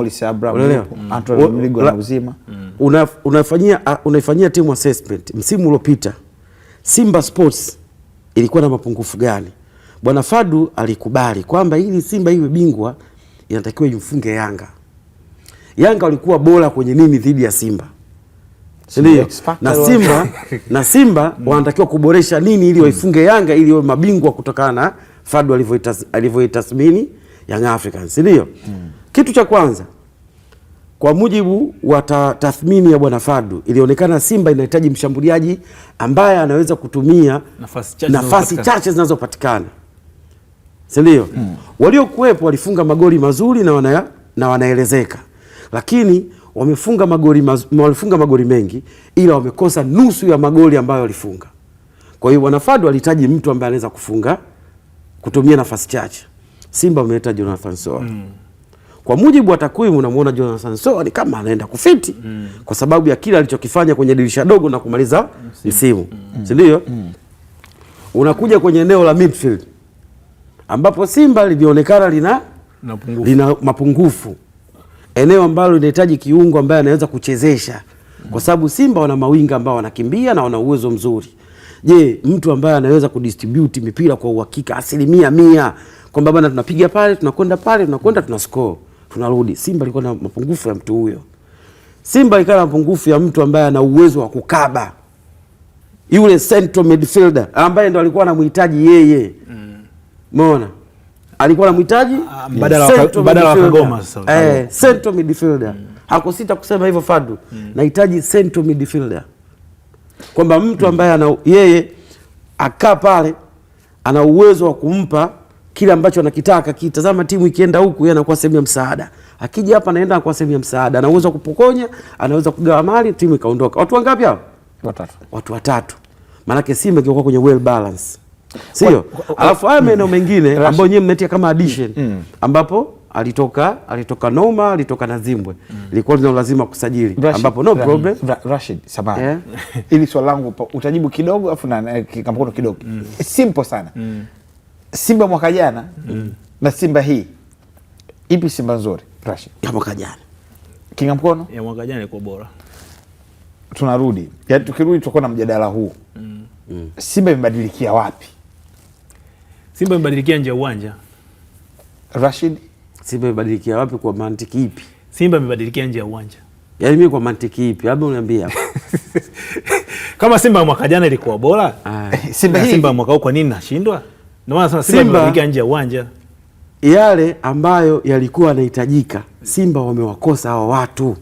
Morris Abraham, mm. Antoine Mligo na uzima. Mm. Unaifanyia unaifanyia timu assessment msimu uliopita. Simba Sports ilikuwa na mapungufu gani? Bwana Fadu alikubali kwamba ili Simba iwe bingwa inatakiwa imfunge Yanga. Yanga walikuwa bora kwenye nini dhidi ya Simba? Ndio. Na Simba na Simba mm. wanatakiwa kuboresha nini ili waifunge Yanga ili mabingwa kutokana na Fadu alivyoitathmini Young Africans. Ndio. Kitu cha kwanza, kwa mujibu wa tathmini ya Bwana Fadu, ilionekana Simba inahitaji mshambuliaji ambaye anaweza kutumia nafasi chache zinazopatikana, si ndio? Mm. Waliokuwepo walifunga magoli mazuri na, wana, na wanaelezeka, lakini wamefunga magoli maz, walifunga magoli mengi, ila wamekosa nusu ya magoli ambayo walifunga. Kwa hiyo Bwana Fadu alihitaji mtu ambaye anaweza kufunga kutumia nafasi chache. Simba wameleta Jonathan Soa. Hmm. Kwa mujibu wa takwimu, unamwona Jonathan Soa ni kama anaenda kufiti mm. kwa sababu ya kile alichokifanya kwenye dirisha dogo na kumaliza msimu mm. si ndio? mm. unakuja kwenye eneo la midfield ambapo Simba lilionekana lina mapungufu. lina mapungufu, eneo ambalo linahitaji kiungo ambaye anaweza kuchezesha mm. kwa sababu Simba wana mawinga ambao wanakimbia na wana uwezo mzuri. Je, mtu ambaye anaweza kudistribute mipira kwa uhakika asilimia mia. kwamba bana tunapiga pale tunakwenda pale tunakwenda tunascore tunarudi. Simba ilikuwa na mapungufu ya mtu huyo. Simba ilikuwa na mapungufu ya mtu ambaye ana uwezo wa kukaba yule central midfielder ambaye ndo alikuwa anamhitaji yeye, mm. umeona mm. alikuwa anamhitaji ah, badala sasa, eh, central midfielder mm. hakusita kusema hivyo Fadu mm. nahitaji central midfielder, kwamba mtu ambaye ana yeye akaa pale ana uwezo wa kumpa kile ambacho anakitaka kitazama. Timu ikienda huku, yeye anakuwa sehemu ya msaada, akija hapa anaenda kwa sehemu ya msaada, anaweza kupokonya, anaweza kugawa mali, timu ikaondoka. Watu wangapi hao? Watatu, watu watatu. Maana yake Simba ingekuwa kwenye well balance, sio? Alafu haya mm. maeneo mm, mengine ambayo nyewe mmetia kama addition, mm, ambapo alitoka alitoka Noma, alitoka na Nazimbwe, mm. ilikuwa lina lazima kusajili, Rashid, ambapo no problem. Rashid, samahani, eh? ili swali langu utajibu kidogo, afu na eh, kikamkono kidogo, Mm. simple sana Mm. Simba mwaka jana mm. na Simba hii ipi Simba nzuri? Rashid, ya mwaka jana kinga mkono ya mwaka jana ilikuwa bora. Tunarudi yaani, tukirudi tutakuwa na mjadala huu mm. mm. Simba imebadilikia wapi? Simba imebadilikia nje ya uwanja Rashid. Simba imebadilikia wapi? Kwa mantiki ipi? Simba imebadilikia nje ya uwanja yaani, mimi kwa mantiki ipi? Labda uniambie kama Simba mwaka jana ilikuwa bora Simba hii, Simba mwaka huu kwa nini nashindwa? Ndio maana sana Simba wamepiga nje ya uwanja yale ambayo yalikuwa yanahitajika. Simba wamewakosa hawa watu.